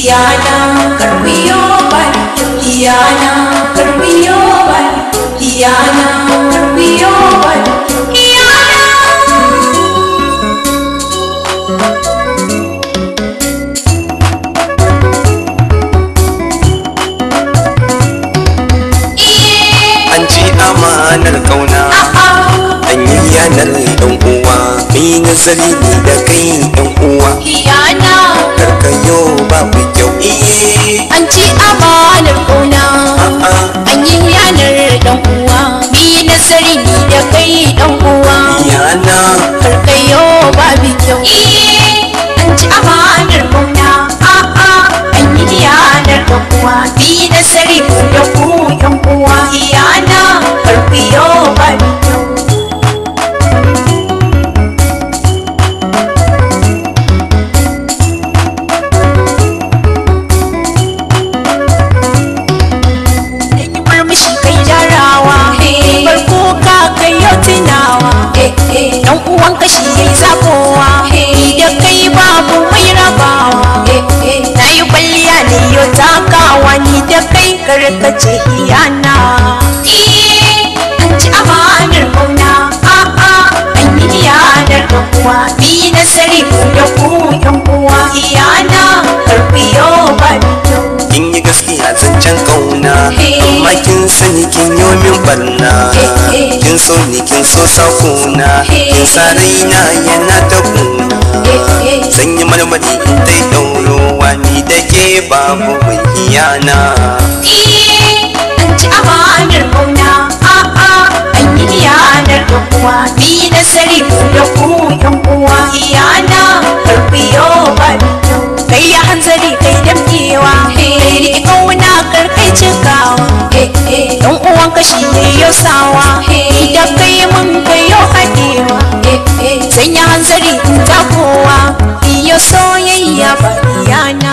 Tiyana karbiyo bai Tiyana karbiyo bai Tiyana karbiyo bai Tiyana An ci amanar kauna An yi yanar ɗan uwa Mai nazari ne da kai ɗan uwa karkayo babu kyau an ci amanar ƙauna an yi yanar dan uwa bi nasari da kai dan kashi yayi zakowa da kai babu mai rabawa na yi kwalliya ne yau takawa ni da kai karkace banna kin so ni kin so sakuna kin sa raina yana ta kuna sanyi marmari in ta yi ni da ke babu mai iyana eh. kashi yau sawa da kai mun kai yau haɗewa sanya hanzari in ta kowa yau soyayya ba yana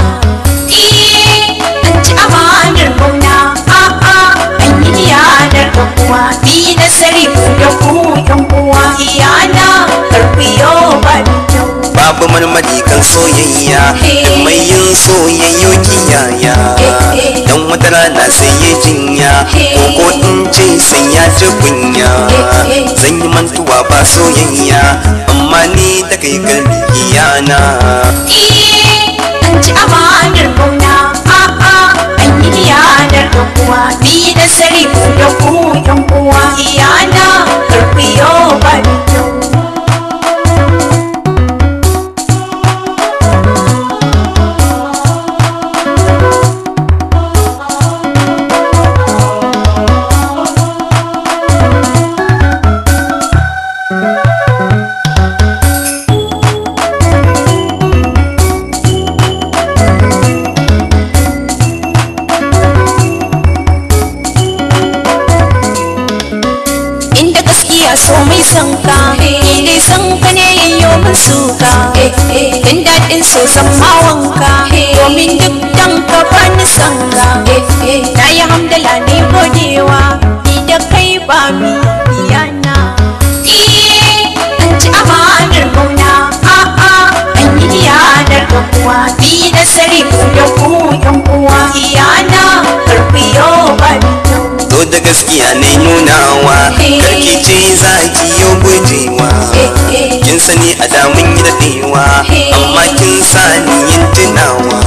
eh, an ci amanar mauna a'a an yi yanar kuwa bi sari da ku yan uwa iyana karfi yau ba babu marmari kan soyayya eh. mai yin soyayyo kiyaya eh, don wata rana sai ya jinya sai ya ji kunya eh, eh. zan yi mantuwa ba soyayya amma ni da kai kalbi iyana eh. da gaskiya so mai son ka ni ne san ka ne yayyo mun suka dan dadin so zan domin duk dan ka bani son ka na yi hamdala ne gaskiya ne nunawa eh, eh. karki ce za ki yi gujewa eh, kin sani a damun yi daɗewa amma kin sani yin tunawa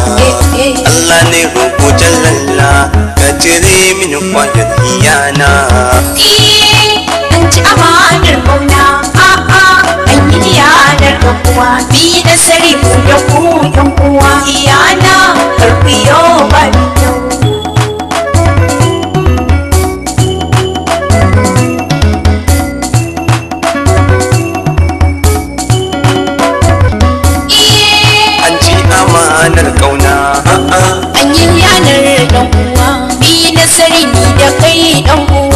Allah ne roƙo jallalla ka cire mini kwanar iyana an ci amanar mauna a'a ah, ah, an yi yanar ɗan biyu sarki da kai dan ku.